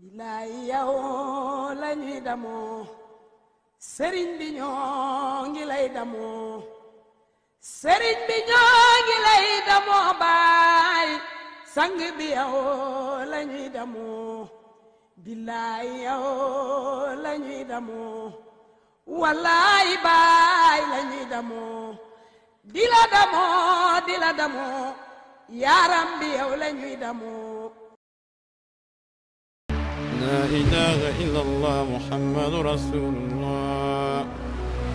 bilaay yow lañuy damoo sëriñ bi ñoo ngi lay damoo sëriñ bi ñoo ngi lay damoo baay sang bi yow lañuy damoo bilaay yow lañuy damoo wallaay baay lañuy damoo di damoo di damoo yaaram bi yow lañuy damoo لا إله إلا الله محمد رسول الله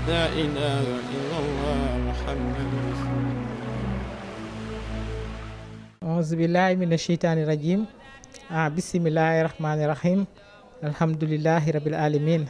لا إله إلا الله محمد رسول الله أعوذ بالله من الشيطان الرجيم بسم الله الرحمن الرحيم الحمد لله رب العالمين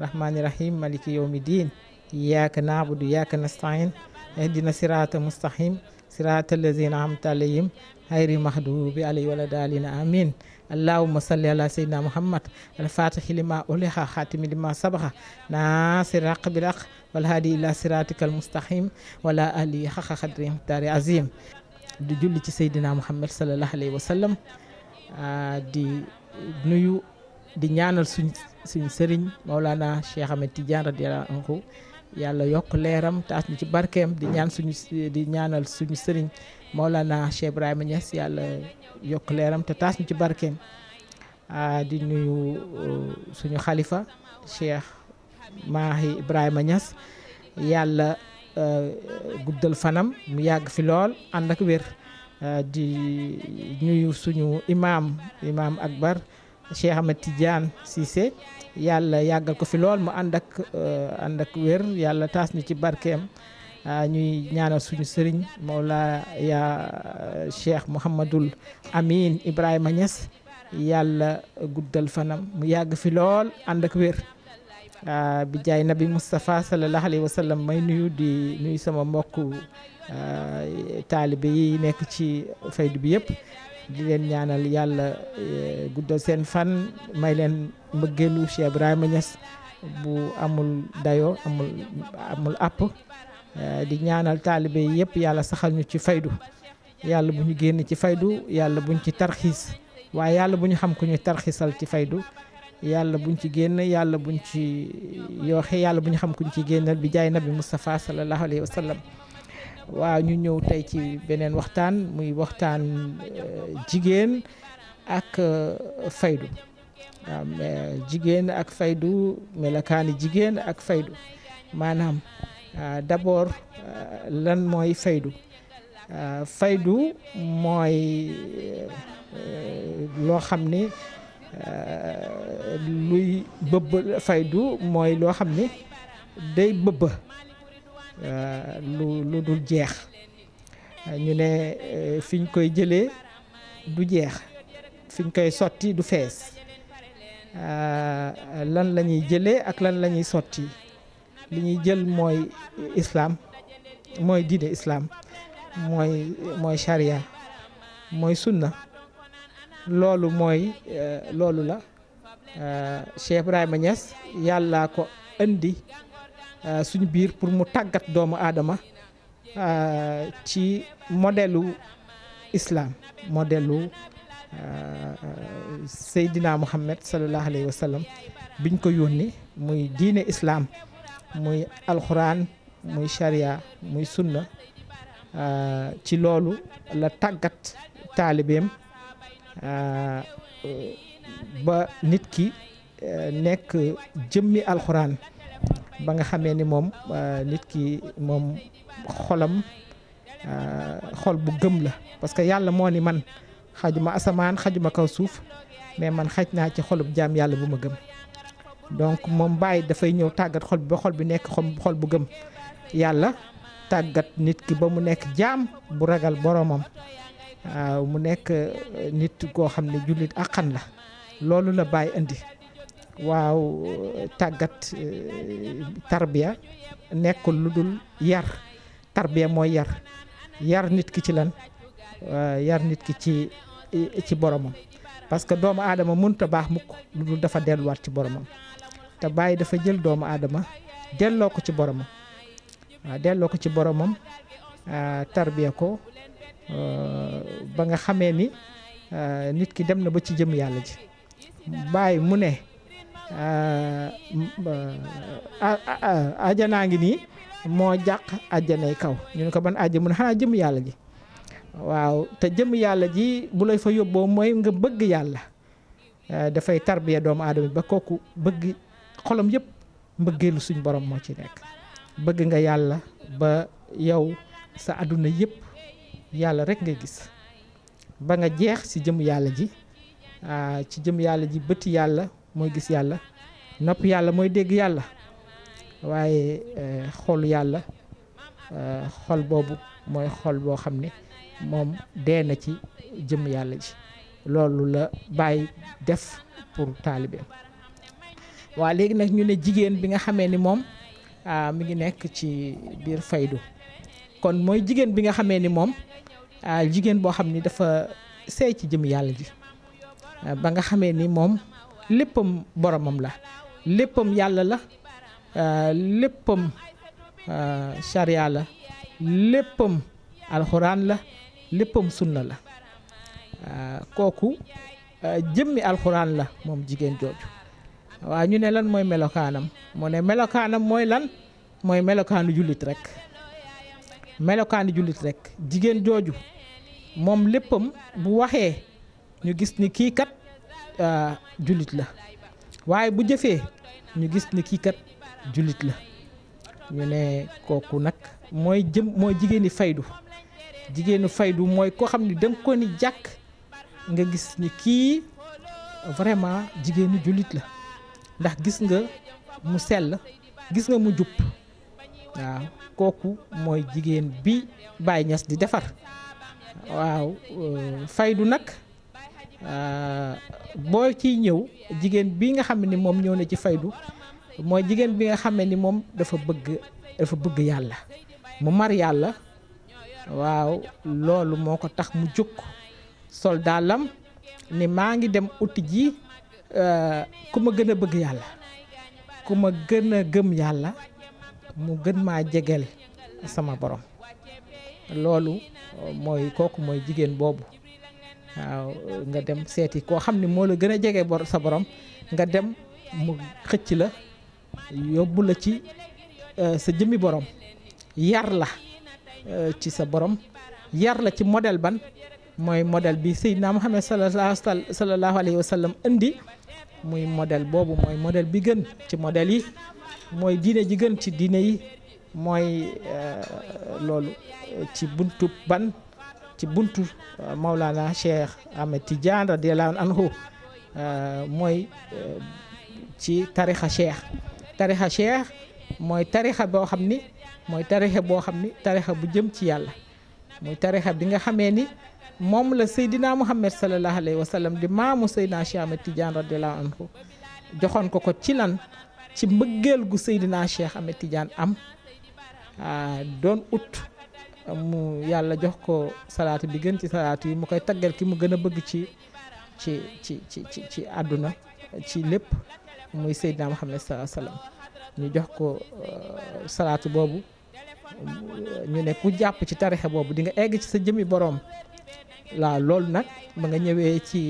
الرحمن الرحيم مالك يوم الدين إياك نعبد وإياك نستعين اهدنا الصراط المستقيم siraatal lazina amta alayhim hayri mahdubi alayhi wala daalina amin allahuma salli ala seydina muhammad alfatihi lima uliha xaatimi lima sabaxa naasir haq bil haq wal haadi ila siratika almustaqim wala ali xaqa xadri muxtaari azim di julli ci seydina muhammad salallahu alayhi wa sallam ah, di nuyu di ñaanal suñ suñ sëriñ maulana cheikh ahmed tidiane yàlla yokk leeram taas ñu ci barkeem di ñaan suñu di ñaanal suñu sëriñ Maolana Cheikh Ibrahima Niass yàlla yokk leeram te taas ñu ci barkeem di nuyu uh, suñu xalifa Cheikh maaxi Ibrahima ñas yàlla uh, guddal fanam mu yàgg fi lool ànd ak wér uh, di nuyu suñu imaam imaam akbar Cheikh Ahmed Tidiane Cissé yàlla yàggal ko fi lool mu ànd ak euh, ànd ak wér yàlla taas ñu ci barkeem ah, ñuy ñaanal suñu sëriñ Mawla ya Cheikh Mouhamadul Amin Ibrahima Niass yàlla guddal fanam mu yàgg fi lool ànd ak wér. Ah, bi jaay nabi Moustapha sallallahu alayhi wa may nuyu di nuyu sama mbokk ah, taalibe yi nekk ci faydu bi yëpp. di leen ñaanal yàlla eh, guddal seen fan may leen mbëggeelu Cheikh Ibrahima Niass bu amul dayo amul amul àpp eh, di ñaanal taalibe yëpp yàlla saxal ñu ci faydu yàlla bu ñu génn ci faydu yàlla buñ ci tarxiis waaye yàlla bu ñu xam ku ñu tarxiisal ci faydu yàlla buñ ci génn yàlla buñ ci yooxe yàlla bu ñu xam kuñ ci génnal bi jaay nabi Moustapha sallallahu alayhi wa sallam waaw ñu ñëw tey ci beneen waxtaan muy waxtaan euh, jigéen ak euh, faydu waaw jigéen ak faydu melakaani jigéen ak faydu maanaam euh, d'abord lan mooy faydu faydu mooy loo xam ni luy bëbb faydu mooy loo xam ni day bëbba Euh, lu lu dul jeex ñu ne euh, fiñ koy jëlee du jeex fiñ koy sotti du fees euh, lan la ñuy jëlee ak lan la ñuy sotti li ñuy jël mooy islaam mooy diine islaam mooy mooy charia mooy sunna loolu mooy loolu la Cheikh Ibrahima Niass yàllaa ko indi Euh, suñu biir pour mu tàggat doomu aadama euh, ci modelu islaam modelu euh, Seydina Muhammad sallallahu alayhi wa sallam biñ ko yónni muy diine islaam muy alxuraan muy sharia muy sunna ci loolu la tàggat taalibeem ba nit ki nekk jëmmi alxuraan. ba nga xamee ni moom euh, nit ki moom xolam euh, xol bu gëm la parce que yàlla moo ni man xajuma asamaan xajuma kaw suuf mais man xaj naa ci xolub jaam yàlla bu ma gëm donc moom bàyyi dafay ñëw tàggat xol bi ba xol bi nekk xol bu gëm yàlla tàggat nit ki ba mu nekk jaam bu ragal boromam waaw mu nekk euh, nit koo xam ne jullit àqan la loolu la bàyyi indi waaw tàggat eh, tarbiya nekkul lu dul yar tarbiya mooy yar yar nit ki ci lan yar nit ki ci ci boromam parce que doomu aadama mënta baax mukk lu dul dafa delluwaat ci boromam te bàyyi dafa jël doomu aadama delloo ko ci boromam waaw delloo ko ci boromam ah, tarbiya ko eh, ba nga xamee ni eh, nit ki dem na ba ci jëm yàlla ji bàyyi mu ne Euh, a ajanaa ngi nii moo jàq ajanay kaw ñu ngi ko ban aja mun xanaa jëm yàlla ji waaw te jëm yàlla ji bu lay fa yóbboo mooy nga bëgg yàlla euh, dafay tarbiya doomu aadama ba kooku bëgg xolam yëpp mbëggeelu suñ borom moo ci nekk bëgg nga yàlla ba yow sa àdduna yëpp yàlla rek ngay gis ba nga jeex ci jëm yàlla ji euh, ci jëm yàlla ji bëti yàlla mooy gis yàlla nopp yàlla mooy dégg yàlla waaye eh, xol yàlla eh, xol boobu mooy xol boo xam ne moom dee na ci jëm yàlla ji loolu la bàyyi def pour taalibe waa léegi nag ñu ne jigéen bi nga xamee ni moom ah, mi ngi nekk ci biir faydu kon mooy jigéen bi nga xamee ni moom ah, jigéen boo xam ni dafa seey ci jëm yàlla ji ah, ba nga xamee ni moom léppam boromam la léppam yàlla la euh, léppam charia euh, la léppam alxuraan la léppam sunna la euh, kooku jëmmi alxuraan la moom jigéen jooju waaw ñu ne lan mooy melokaanam mu ne melokaanam mooy lan mooy melokaanu jullit rek melokaanu jullit rek jigéen jooju moom léppam bu waxee ñu gis ni kii kat Euh, jullit la waaye bu jëfee ñu gis ni kii kat jullit la ñu ne kooku nag mooy jëm mooy jigéeni faydu jigéenu faydu mooy koo xam ni dem ko ni jàkk nga gis ni kii vraiment jigéenu jullit la ndax gis nga mu sell gis nga mu jub waaw kooku mooy jigéen bi Baye Niass di defar waaw euh, faydu nag Euh, boo ciy ñëw jigéen bi nga xam ni moom ñëw na ci faydu mooy jigéen bi nga xam ni moom dafa bëgg dafa bëgg yàlla mu mar yàlla waaw loolu moo ko tax mu jukk sol ni maa ngi dem uti ji euh, ku ma gën a bëgg yàlla ku ma gën a gëm yàlla mu gën maa jegeel sama borom loolu mooy kooku mooy jigéen boobu waaw nga dem seeti koo xam ni moo la gën a jege bor sa borom nga dem mu xëcc la yóbbu la ci euh, sa jëmmi borom yar la euh, ci sa borom yar la ci modèle ban mooy modèle bi Seydina Muhammad sallallahu alayhi wa sallam indi muy model boobu mooy modèle bi gën ci modèle yi mooy diine ji gën ci diine yi mooy euh, loolu ci buntu ban ci buntu euh, Maulana Cheikh Ahmed Tidiane radiyallahu anhu euh, mooy euh, ci tarixa cheikh tarixa cheikh mooy tarixa boo xam ni mooy tarixa boo xam ni tarixa bu jëm ci yàlla mooy tarixa bi nga xamee ni moom la seydinaa Muhammad sallallahu alayhi wa sallam di maamu Seydina Cheikh Ahmed Tidiane radiyallahu anhu joxoon am doon ut mu yàlla jox ko salaatu bi gën ci salaatu yi mu koy taggal ki mu gën a bëgg ci ci ci ci ci ci àdduna ci lépp muy Seydina xam salaa salaam ñu jox ko euh, salaatu boobu ñu ne ku jàpp ci tarixe boobu di nga egg ci sa jëmi boroom laa loolu nag ba nga ñëwee ci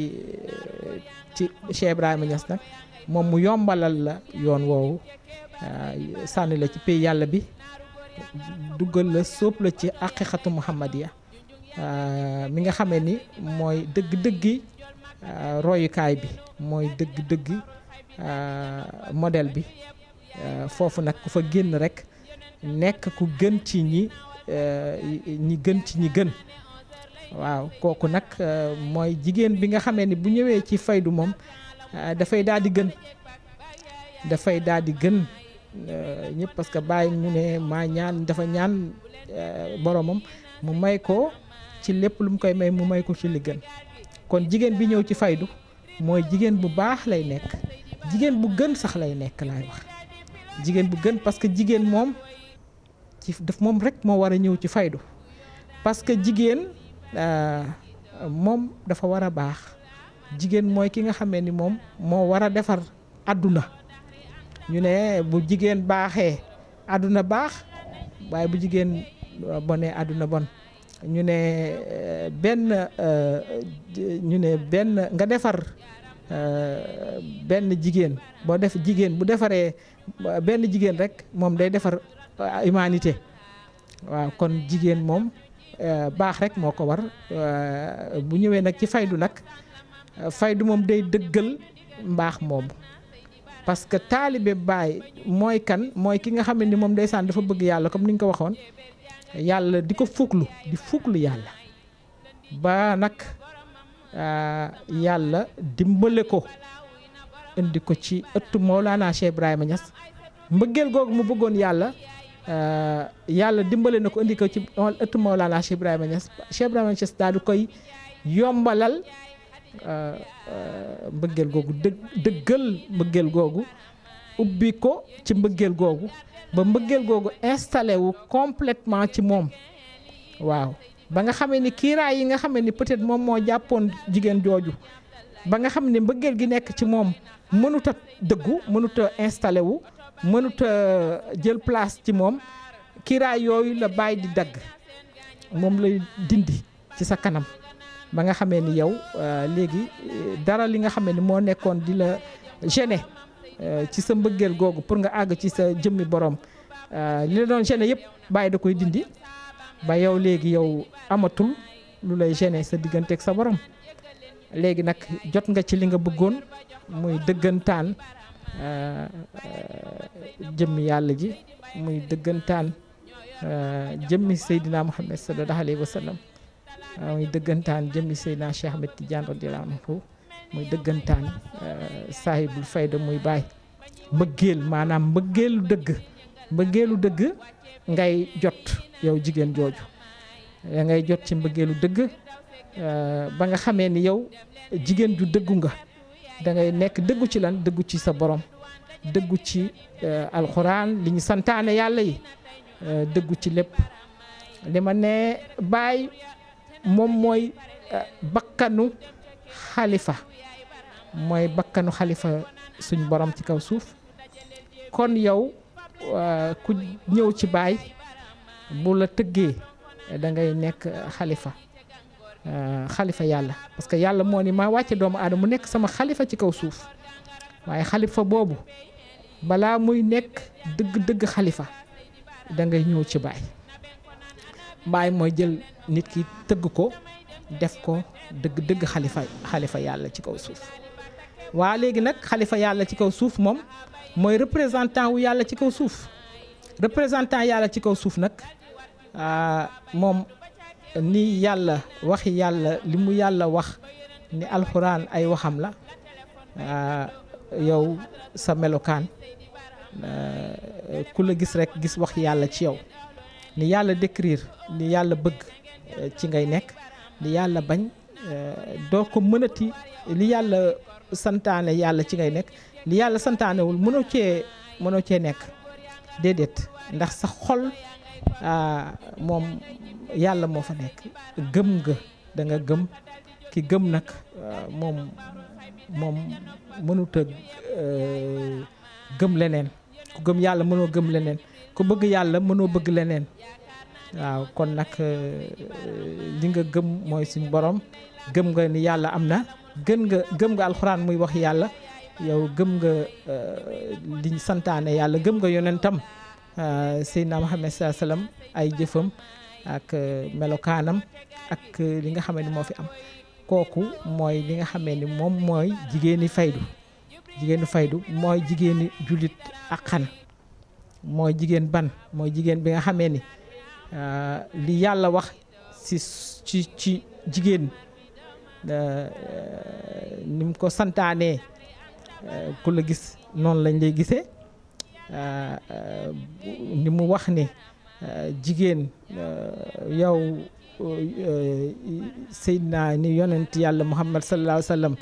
ci Cheikh Ibrahima Niass nag moom mu yombalal la yoon woowu euh, sànni la ci pays yàlla bi duggal la sóob la ci aqiqatu muhammadiya euh, mi nga xamee ni mooy dëgg-dëggi euh, royukaay bi mooy dëgg dëgg euh, model bi foofu nag ku fa génn rek nekk ku gën ci ñi gën ci ñi gën waaw kooku nag mooy jigéen bi nga xame ni bu ñëwee ci faydu moom dafay daal di gën dafay daldi gën Euh, ñëpp parce que bàyyi mu ne maa ñaan dafa ñaan euh, boromam mu may ko ci lépp lu mu koy may mu may ko ci li gën kon jigéen bi ñëw ci faydu mooy jigéen bu baax lay nekk jigéen bu gën sax lay nekk laay wax jigéen bu gën parce que jigéen moom ci daf moom rek moo war a ñëw ci faydu parce que jigéen euh, moom dafa war a baax jigéen mooy ki nga xamee ni moom moo war a defar àdduna ñu ne bu jigéen baaxee àdduna baax waaye bu jigéen euh, bonee àdduna bon ñu ne euh, benn euh, ñu ne benn nga defar benn jigéen boo def jigéen bu defaree benn jigéen rek moom day defar humanité waaw kon jigéen moom baax rek moo ko war bu ñëwee nag ci faydu nag faydu moom day dëggal mbaax moomu parce que taalibe baay mooy kan mooy ki nga xam ne ni moom ndeysaan dafa bëgg yàlla comme ni nga ko waxoon yàlla di ko fuklu di fuklu yàlla ba nag euh, yàlla dimbale ko indi ko ci ëttu Mawlana Cheikh Ibrahima ñas mbëggeel googu mu bëggoon yàlla euh, yàlla dimbale na ko indi ko ci ëttu Mawlana Cheikh Ibrahima Niass Cheikh Ibrahima Niass daal di koy yombalal Euh, euh, mbëggeel googu dë dëggal mbëggeel googu ubbi ko ci mbëggeel googu ba mbëggeel googu installé wu complètement ci moom waaw ba nga xamee ni kiiraay yi nga xamee ni peut-être moom moo jàppoon jigéen jooju ba nga xam ne mbëggeel gi nekk ci moom mënut a dëggu mënut a installé wu mënut a jël place ci moom kiiraay yooyu la bàyyi di dagg moom lay dindi ci sa kanam ba nga xamee ni yow euh, léegi euh, dara li nga xamee ni moo nekkoon di la gêner euh, ci sa mbëggeel googu pour nga àgg ci sa jëmmi borom li la doon gêner yëpp bàyyi da koy dindi ba yow léegi yow amatul lu lay gêner sa digganteeg sa borom léegi nag jot nga ci li nga bëggoon muy dëggantaan jëmmi yàlla ji muy dëggantaan jëmmi Seydina Muhammad sallallahu alayhi wa sallam Ah, muy dëggantaan jëmmi Seydina Cheikh Ahmed Tidiane radiyallahu anhu muy dëggantaan eh, saahibul fayda muy baay mbëggeel maanaam mbëggeelu dëgg mbëggeelu dëgg ngay jot yow jigéen jooju ya eh, ngay jot ci mbëggeelu dëgg eh, ba nga xamee ni yow jigéen ju dëggu nga dangay nekk dëggu ci lan dëggu ci sa borom dëggu ci alxuraan li ñu santaane yàlla yi dëggu ci lépp li ma ne baay moom mooy euh, bakkanu xalifa mooy bakkanu xalifa suñ borom ci kaw suuf kon yow euh, ku ñëw ci baay bu la tëggee da ngay nekk xalifa euh, xalifa yàlla parce que yàlla moo ni maa wàcce doomu aadama mu nekk sama xalifa ci kaw suuf waaye xalifa boobu balaa muy nekk dëgg-dëgg xalifa da ngay ñëw ci baay mbaay mooy jël nit ki tëgg ko def ko dëgg dëgg xalifa xalifa yàlla ci kaw suuf waa léegi nag xalifa yàlla ci kaw suuf moom mooy représentant wu yàlla ci kaw suuf représentant yàlla ci kaw suuf nag ah, moom ni yàlla wax yàlla li mu yàlla wax ni alxuraan ay waxam la ah, yow sa melokaan ah, ku la gis rekk gis wax yàlla ci yow ni yàlla décrire li yàlla bëgg eh, ci ngay nekk li yàlla bañ eh, doo ko mënati li yàlla santaane yàlla ci ngay nekk li yàlla santaanewul mënoo cee mënoo cee nekk déedéet ndax sa xol ah, moom yàlla moo fa nekk gëm nga gëm ki gëm nag ah, moom moom mënuta eh, gëm leneen ku gëm yàlla mënoo gëm leneen ku bëgg yàlla mënoo bëgg leneen waaw kon nag euh, euh, li nga gëm mooy suñu borom gëm nga ni yàlla am na gën nga gëm nga alxuraan muy wax yàlla yow gëm nga euh, li santaane yàlla gëm nga yonentam Seydina Muhammad sallallahu alayhi wasallam ay jëfam ak melokaanam ak li nga xamee ni moo fi am kooku mooy li nga xamee ni moom mooy jigéeni faydu jigéenu faydu mooy jigéeni jullit ak xan mooy jigéen ban mooy jigéen bi nga xamee ni euh, li yàlla wax si ci ci jigéen euh, ni mu ko santaanee euh, ku la gis noonu lañ lay gisee ni mu wax ni jigéen yow naa ni yonent yàlla Muhammad sallallahu alayhi wa sallam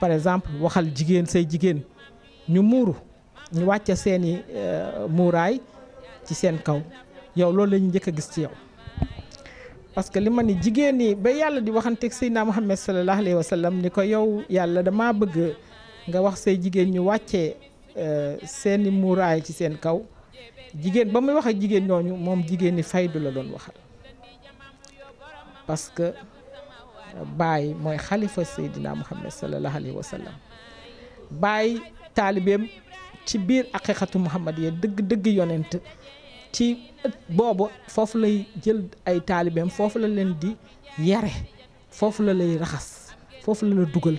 par exemple waxal jigéen say jigéen ñu muuru ñu wàcce seeni euh, muuraay ci seen kaw yow loolu la ñu njëkk a gis ci yow parce que li ma ni jigéen ñi ba yàlla di waxanteeg Seydina Muhammad sallallahu alayhi wa sallam ni ko yow yàlla damaa bëgg nga wax say jigéen ñu wàccee euh, seeni muuraay ci seen kaw jigéen ba muy wax ak jigéen ñooñu moom jigéen ñi faydu la doon waxal parce que baay mooy xalifa Seydina Muhammad sallallahu alayhi baay taalibeem ci biir aqiqatu muhammad ya dëgg dëgg yonent ci booba foofu lay jël ay taalibeem foofu la leen di yare foofu la lay raxas foofu la la dugal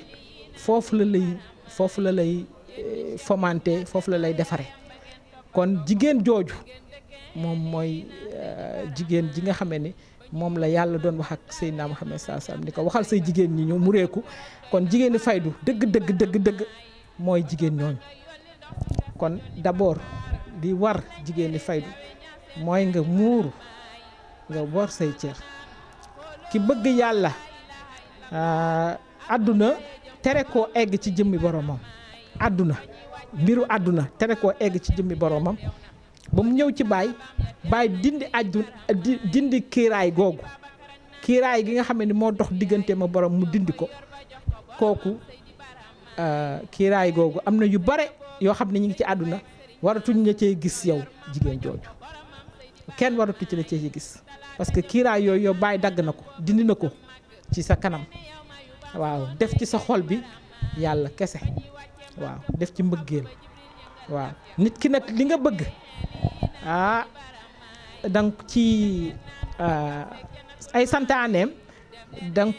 foofu la lay foofu la lay eh, fomante foofu la lay defare kon jigéen jooju moom mooy eh, jigéen ji nga xamee ni moom la yàlla doon wax ak Seydina Muhammad saa saam ni ko waxal say jigéen ñi ñëw mu réeku kon jigéeni faydu dëgg dëgg dëgg dëgg mooy jigéen ñooñu kon d'abord di war jigéeni di faydu mooy nga muuru nga war say cër ki bëgg yàlla ah, àdduna tere koo egg ci jëmmi boromam àdduna mbiru àdduna tere koo egg ci jëmmi boromam ba mu ñëw ci baay baay dindi àdduna dindi kiiraay googu kiiraay gi nga xam ni moo dox diggante ma borom mu dindi ko kooku ah, kiiraay googu am na yu bare yoo xam ne ñu ngi ci àdduna waratuñ la cee gis yow jigéen jooju kenn waratu ci la cee gis parce que kiiraay yooyu yow bàyyi dagg na ko dindi na ko ci sa kanam waaw def ci sa xol bi yàlla kese waaw def ci mbëggeel waaw nit ki nag li nga bëgg ah danga ci ah, ay santaaneem danga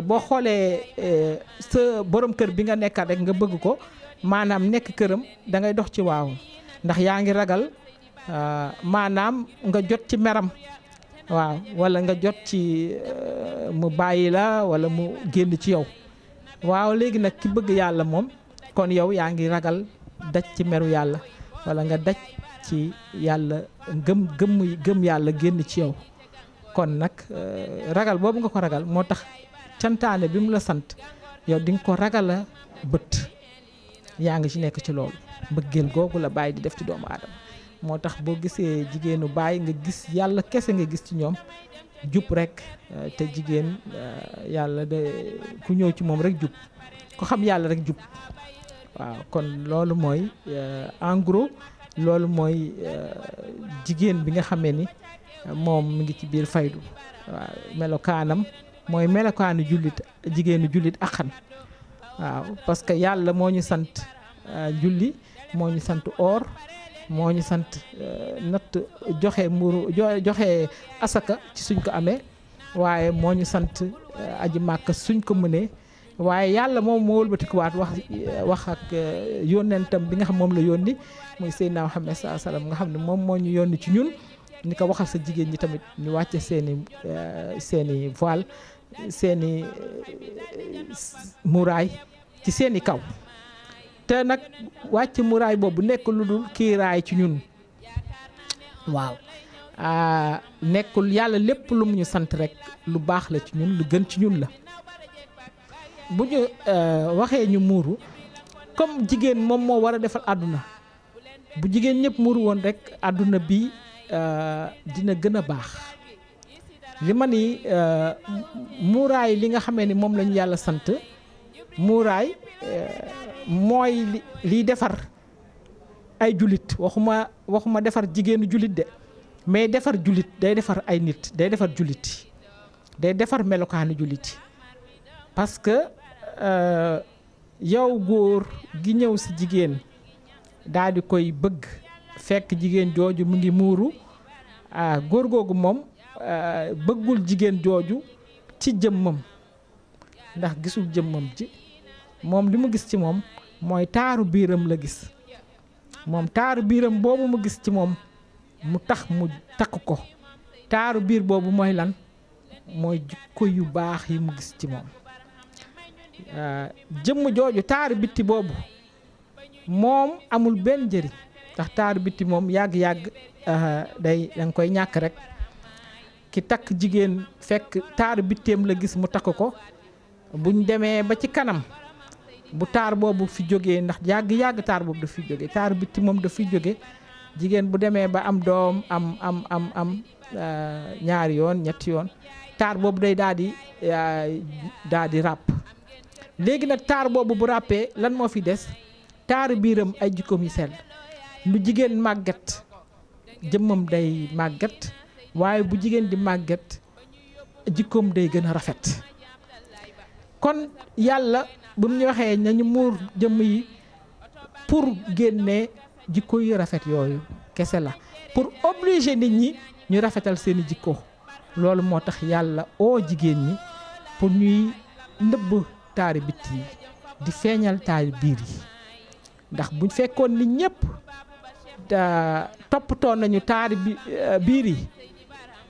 boo xoolee eh, sa borom kër bi nga nekkal rekk nga bëgg ko maanaam nekk këram da ngay dox ci waawam ndax yaa ngi ragal euh, maanaam nga jot ci meram waaw wala nga jot ci euh, mu bàyyi la wala mu génn ci yow waaw léegi nag ki bëgg yàlla moom kon yow yaa ngi ragal daj ci meru yàlla wala nga daj ci yàlla gëm gëm gëm yàlla génn ci yow kon nag euh, ragal boobu nga ko ragal moo tax cantaane bi mu la sant yow dinga ko ragala bët yaa ngi ci nekk ci loolu mbëggeel googu la bàyyi di def ci doomu aadama moo tax boo gisee jigéenu bàyyi nga gis yàlla kese nga gis ci ñoom jub rek euh, te jigéen euh, yàlla de ku ñëw ci moom rek jub ku xam yàlla rek jub waaw kon loolu mooy euh, en gros loolu mooy jigéen bi nga xamee ni moom mu ngi ci biir faydu waaw melokaanam mooy melokaanu jullit jigéenu jullit axan waaw parce que yàlla moo ñu sant euh, julli moo ñu sant or moo ñu sant euh, natt joxe mburu joxe asaka ci suñ ko amee waaye moo ñu sant euh, aji màkk suñ ko mënee waaye yàlla moom moo wëlbatikuwaat wax wax ak yónnentam bi nga xam moom la yónni muy Seydina Muhammad saa salaam nga xam ne moom moo ñu yónni ci ñun ni ko waxal sa jigéen ñi tamit ñu wàcce seeni seeni voile seeni muraay ci seeni kaw te nag wàcc muraay boobu nekk lu dul kiiraay ci ñun waaw ah, nekkul yàlla lépp lu mu ñu sant rek lu baax la ci ñun lu gën ci ñun la bu ñu eh, waxee ñu muuru comme jigéen moom moo war a defal àdduna bu jigéen ñëpp muuru woon rek àdduna bi eh, dina gën a baax li ma ni eh, muuraay li nga xamee ni moom lañu yàlla sant muuraay eh, mooy liy defar ay jullit waxuma waxuma defar jigéenu jullit de mais defar jullit day defar ay nit day defar jullit day defar melokaanu jullit parce que eh, yow góor gi ñëw si jigéen daal di koy bëgg fekk jigéen jooju mu ngi muuru ah, góor googu moom eh, bëggul jigéen jooju ci jëmmam ndax gisul jëmmam ji moom li mu gis ci moom mooy taaru biiram la gis moom taaru biiram boobu mu gis ci moom mu tax mu takk ko taaru biir boobu mooy lan mooy jikko yu baax yi mu gis ci moom euh, jëmm jooju taaru bitti boobu moom amul benn njëriñ ndax taaru bitti moom yàgg-yàgg euh, day dañ koy ñàkk rekk ki takk jigéen fekk taaru bitteem la gis mu takk ko buñ demee ba ci kanam bu taar boobu fi jógee ndax yàgg-yàgg taar boobu daf fi jógee taar bitti moom daf fi jóge jigéen bu demee ba am doom am am am am euh, ñaari yoon ñetti yoon taar boobu day daal di euh, daal di ràpp léegi nag taar boobu bu ràppee lan moo fi des taar biiram ay jikkoom yi sell lu jigéen màgget jëmmam day màggat waaye bu jigéen di màgget jikkoom day gën a rafet kon yàlla bu mu ñu waxee nañu muur jëmm yi pour génne jikko yu rafet yooyu kese la pour obliger nit ñi ñu rafetal seeni jikko loolu moo tax yàlla oo jigéen ñi pour ñuy nëbb taari bitti yi di feeñal taari biir yi ndax bu fekkoon ni ñépp da toppatoo nañu taari bi euh, biir yi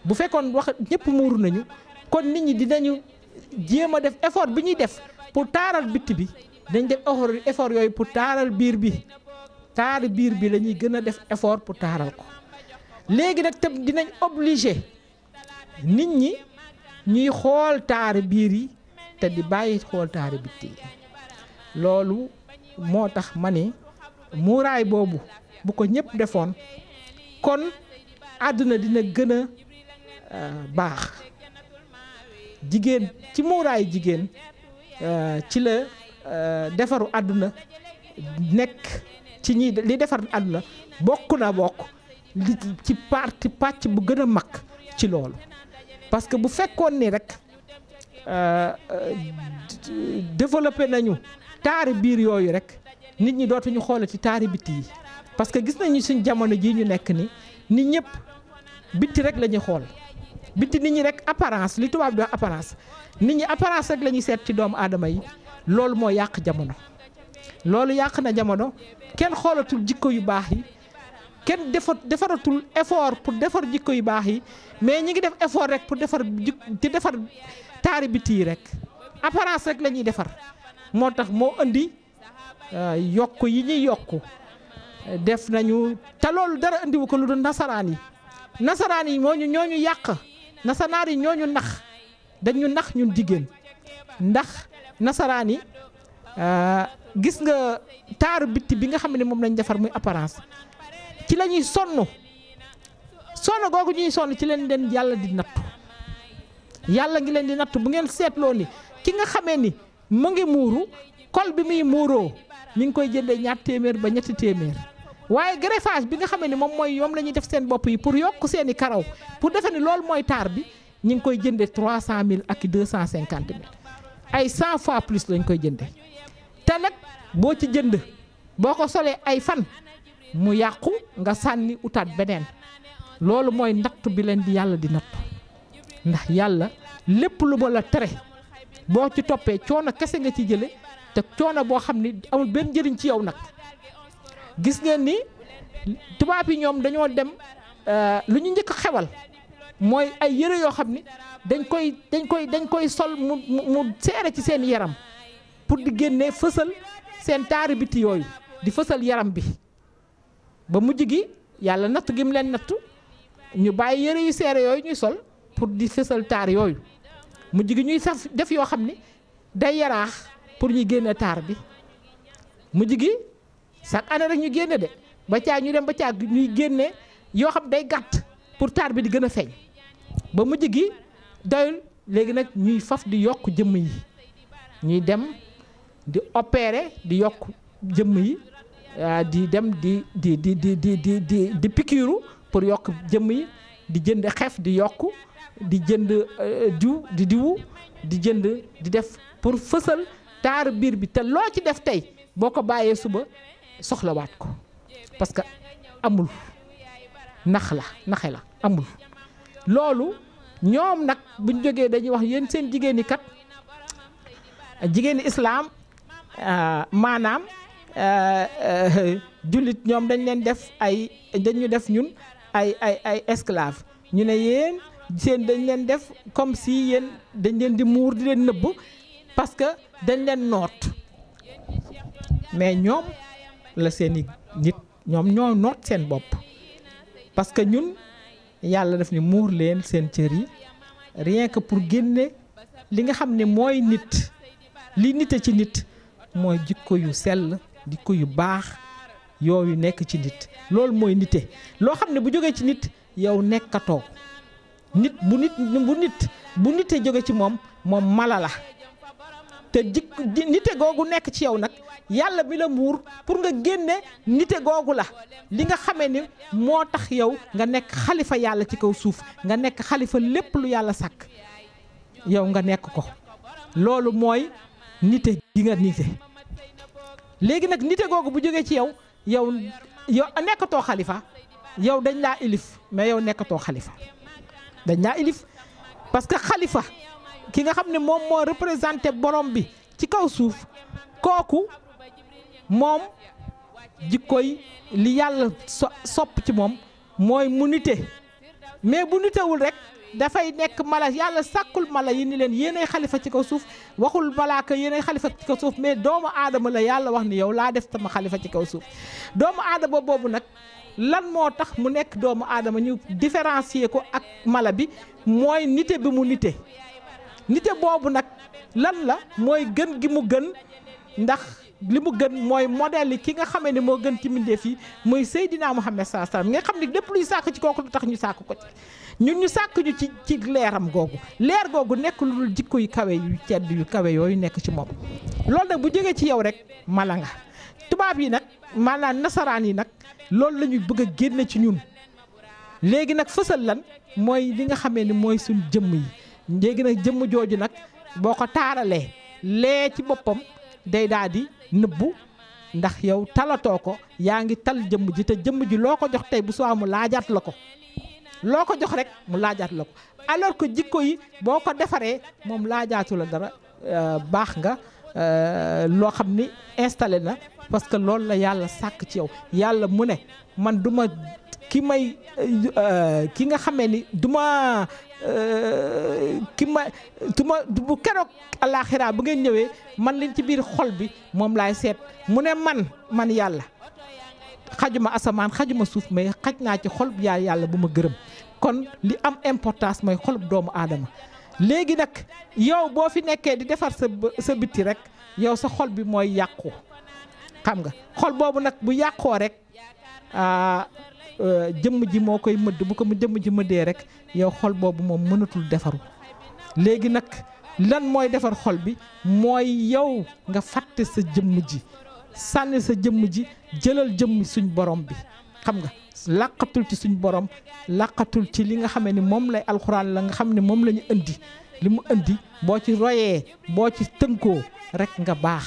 bu fekkoon wax ñépp muur nañu kon nit ñi dinañu jéem a def effort bi ñuy def pu taaral bitti bi dañ def effort yooyu pu taaral biir bi taar biir bi la ñuy gën a def effort pour taaral ko léegi nag tam dinañ obligé nit ñi ñuy xool taari biir yi te di bàyyi xool taari bitti yi loolu moo tax ma ne muuraay boobu bu ko ñëpp defoon kon àdduna dina gën a euh, baax jigéen ci muuraayu jigéen Euh, ci la euh, defaru àdduna nekk ci ñi li defar àdduna bokk na bokk li ci parti pàcc bu gën a mag ci loolu parce que bu fekkoon ni rek euh, développé nañu taari biir yooyu rek nit ñi dootuñu ci taari bitti yi parce que gis nañu suñ jamono jii ñu nekk ni nit ñëpp bitti rek la xool bitti nit ñi rek apparence li tubaab di wax apparence nit ñi apparence rek la ñuy seet ci doomu aadama yi loolu moo yàq jamono. loolu yàq na jamono kenn xoolatul jikko yu baax yi kenn defa defaratul effort pour defar jikko yu baax yi mais ñi ngi def effort rek pour defar ji di defar taari biti yi rek apparence rek la ñuy defar moo tax moo indi euh, yokk yi ñuy yokk def nañu te loolu dara indiwu ko lu dul nasaraan yi nasaraan yi moo ñu ñoo ñu yàq. nasanaar yi ñooñu nax dañu nax ñun jigéen ndax nasaraan yi euh, gis nga taaru bitti bi nga xam ne moom lañ defar muy apparence ci la ñuy sonn sonn googu ñuy sonn ci leen leen yàlla di nattu yàlla ngi leen di natt bu ngeen seetloo ni ki nga xamee ni mu ngi muuru kol bi muy muuroo mi ngi koy jëndee ñaar téeméer ba ñetti téeméer. waaye greffage bi nga xam ni moom mooy yoom la ñuy def seen bopp yi pour yokk seeni karaw pour defe ni loolu mooy taar bi ñu ngi koy jëndee trois cent mil ak deux cent cinquante mille ay cent fois plus lañ koy jënde te nag boo ci jënd boo ko solee ay fan mu yàqu nga sànni utaat beneen loolu mooy nattu bi leen di yàlla di nattu ndax yàlla lépp lu ma la tere boo ci toppee coono kese nga ci jële te coono boo xam ni amul benn njëriñ ci yow nag gis ngeen ni tubaab yi ñoom dañoo dem euh, lu ñu njëkk xewal mooy ay yëre yoo xam ni dañ koy dañ koy dañ koy sol mu mu seere ci seen yaram pour di génne fësal seen taari biti yooyu di fësal yaram bi ba mujj gi yàlla natt gi mu leen nattu ñu bàyyi yëre yu seere yooyu ñuy sol pour di fësal taar yooyu mujj gi ñuy def yoo xam ni day yaraax pour ñu génne taar bi mujj gi chaque année rek ñu génne de ba caa ñu dem ba caa ñuy génne yoo xam day gàtt pour taar bi di gën a feeñ ba mujj gi doyul léegi nag ñuy faf di yokk jëmm yi ñuy dem di opérer di yokk jëmm yi euh, di dem di di di di di di di di pikiiru pour yokk jëmm yi di jënd xef di yokk di jënd euh, diw di diwu di jënd di def pour fësal taar biir bi te loo ci def tey boo ko bàyyee suba soxlawaat ko parce que amul nax la naxe la amul loolu ñoom nag bu ñu jógee dañuy wax yéen seen jigéeni kat jigéen islaam euh, maanaam euh, euh, jullit ñoom dañ leen def ay dañu def ñun ay ay ay esclave ñu ne yéen seen dañ leen def comme si yéen dañ leen di muur di leen nëbb parce que dañ leen noot mais ñoom la seeni nit ñoom ñoo noot seen bopp parce que ñun yàlla def ni muur leen seen cër yi rien que pour génne li nga xam ne mooy nit li nite ci nit mooy jikko yu sell jikko yu baax yow yooyu nekk ci nit loolu mooy nite loo xam ne bu jógee ci nit yow nekkatoo nit bu nit bu nit bu nite jóge ci moom moom mala la te jikk nite googu nekk ci yow nag yàlla mi la muur pour nga génne nite googu la li nga xamee ni moo tax yow nga nekk xalifa yàlla ci kaw suuf nga nekk xalifa lépp lu yàlla sàkk yow nga nekk ko loolu mooy nite gi nga nite léegi nag nite googu bu jógee ci yow yow yow nekkatoo xalifa yow dañ laa ilif mais yow nekkatoo xalifa dañ laa ilif parce xalifa ki nga xam ne moom moo représenté borom bi ci kaw suuf kooku moom jikkoy li yàlla so sopp ci moom mooy mu nite mais bu nitewul rek dafay nekk mala yàlla sàkkul mala yi ni leen yéenay xalifa ci kaw suuf waxul malaaka yéenay xalifa ci kaw suuf mais doomu aadama la yàlla wax ni yow laa def sama xalifa ci kaw suuf doomu aadama boobu nag lan moo tax mu nekk doomu aadama ñu différencier ko ak mala bi mooy nite bi mu nite nite boobu nag lan la mooy gën gi mu gën ndax li mu gën mooy model yi ki nga xamee ne moo gën ci mbindeef yi muy Seydina Muhammad saa salaam nga xam ni lépp luy sàkk ci kooku lu tax ñu sàkk ko ci ñun ñu sàkk ñu ci ci leeram googu leer googu nekk lu dul jikko yu kawe yu cedd yu kawe yooyu nekk ci moom loolu nag bu jógee ci yow rek mala nga tubaab yi nag maanaam nasaraan yi nag loolu lañuy bëgg a génne ci ñun léegi nag fësal lan mooy li nga xamee ni mooy suñ jëmm yi léegi nag jëmm jooju nag boo ko taaralee lee ci boppam day daal di nëbbu ndax yow talatoo ko yaa ngi tal jëmm ji te jëmm ji loo ko jox tey bu soo mu laajaat la ko loo ko jox rek mu laajaat la ko alors que jikko yi boo ko defaree moom laajaatu la dara euh, baax nga euh, loo xam ni installé na parce que loolu la yàlla sàkk ci yow yàlla mu ne man du ma ki may euh, ki nga xamee ni du ma euh, ki ma du ma bu keroog alaaxira bu ngeen ñëwee man liñ ci biir xol bi moom laay seet mu ne man man yàlla xajuma asamaan xajuma suuf mais xaj naa ci xol bi yaa yàlla bu ma gërëm kon li am importance mooy xolub doomu aadama léegi nag yow boo fi nekkee di defar sa sa bitti rek yow sa xol bi mooy yàqu xam nga xol boobu nag bu yàqoo rek ah, euh, jëmm ji moo koy mëdd bu ko mu jëmm ji mëddee rek yow xol boobu moom mënatul defaru léegi nag lan mooy defar xol bi mooy yow nga fàtte sa jëmm ji sànni sa jëmm ji jëlal jëmm suñ borom bi xam nga làqatul ci suñ borom làqatul ci li nga xamee ni moom lay alxuraan la nga xam ne moom la ñu indi li mu indi boo ci royee boo ci tënkoo rek nga baax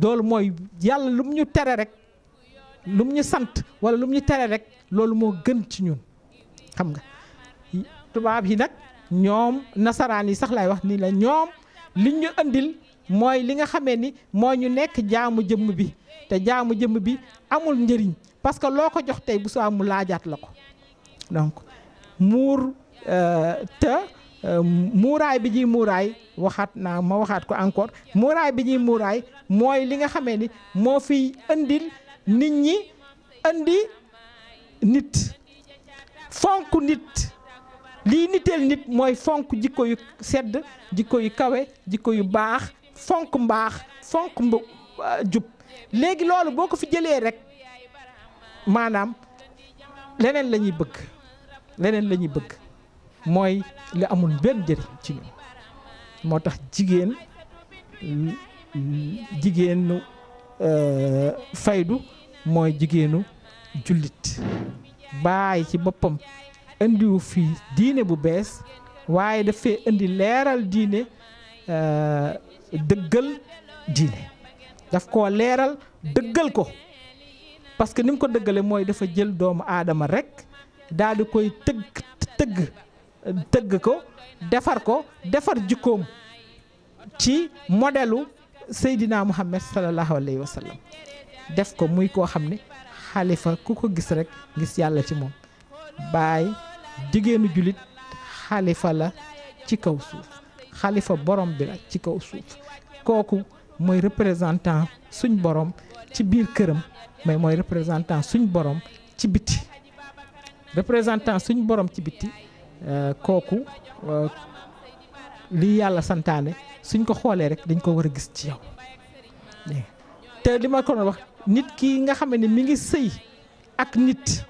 loolu mooy yàlla lu mu ñu tere rek lu mu ñu sant wala lu mu ñu tere rek loolu moo gën ci ñun xam nga tubaab yi nag ñoom nasaraan yi sax lay wax ni la ñoom liñ ñu andil mooy li nga xamee ni moo ñu nekk jaamu jëmm bi te jaamu jëmm bi amul njëriñ parce que loo ko jox tey bu saa mu laajaat la ko donk muur euh, te euh, muuraay bi ji muuraay waxaat naa ma waxaat ko encore muuraay bi ñuy muuraay mooy li nga xamee ni moo fiy indil nit ñi indi nit fonk nit lii niteel nit mooy fonk jikko yu sedd jikko yu kawe jikko yu baax fonk mbaax fonk mb euh, jub léegi loolu boo ko fi jëlee rek maanaam leneen lañuy ñuy bëgg leneen la ñuy bëgg mooy li amul benn njëriñ ci ñun moo tax jigéen jigéenu euh, faydu mooy jigéenu jullit baay ci boppam indiwu fi diine bu bees waaye dafay indi leeral diine euh, dëggal diine daf koo leeral dëggal ko parce que ni mu ko dëggale mooy dafa jël doomu aadama rekk daal di koy tëgg tëgg tëgg ko defar ko defar jikkoom ci modelu seydinaa Muhammad sallallahu alayhi wa sallam def ko muy koo xam ne xalifa ku ko gis rek gis yàlla ci moom baay jigéenu jullit xalifa la ci kaw suuf xalifa borom bi la ci kaw suuf kooku mooy représentant suñ borom ci biir këram mais mooy représentant suñ borom ci biti représentant suñ borom ci biti Euh, kooku euh, li yàlla santaane suñ ko xoolee rek dañ ko war a gis ci yow te li ma ko wax nit ki nga xam ne mi ngi sëy ak nit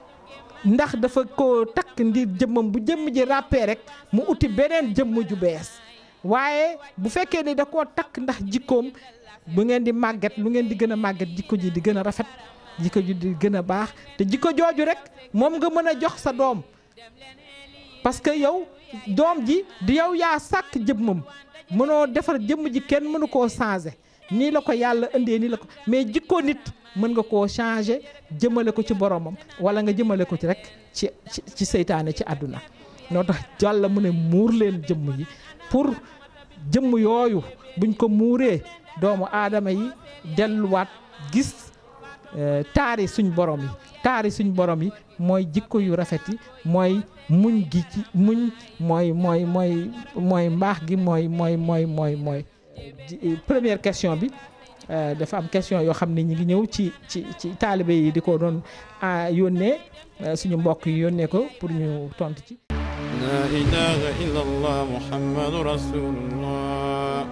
ndax dafa ko takk ndir jëmmam bu jëmm ji ràppee rek mu uti beneen jëmm ju bees waaye bu fekkee ni da koo takk ndax jikkoom bu ngeen di màgget lu ngeen di gën a màgget jikko ji di gën a rafet jikko ji di gën a baax te jikko jooju rek moom nga mën a jox sa doom parce que yow doom ji di yow yaa sàkk jëmmam mënoo defar jëmm ji kenn mënu koo changer nii la ko yàlla indee nii la ko mais jikko nit mën nga koo changer jëmale ko ci boromam wala nga jëmale ko ci rek ci ci ci seytaane ci àdduna noo tax yàlla mu ne muur leen jëmm yi pour jëmm yooyu buñ ko muuree doomu aadama yi delluwaat gis euh, taari suñ borom yi taari suñ borom yi mooy jikko yu rafet yi mooy muñ gi ci muñ mooy mooy mooy mbaax gi mooy mooy mooy mooy mooy eh, première question bi euh, dafa am question yoo xam ne ñi ngi ñëw ci ci ci taalibe yi di ko doon euh, yónnee euh, suñu mbokk yi yónnee ko pour ñu tontu ci laa ilaha illa allah muhammadu rasulullah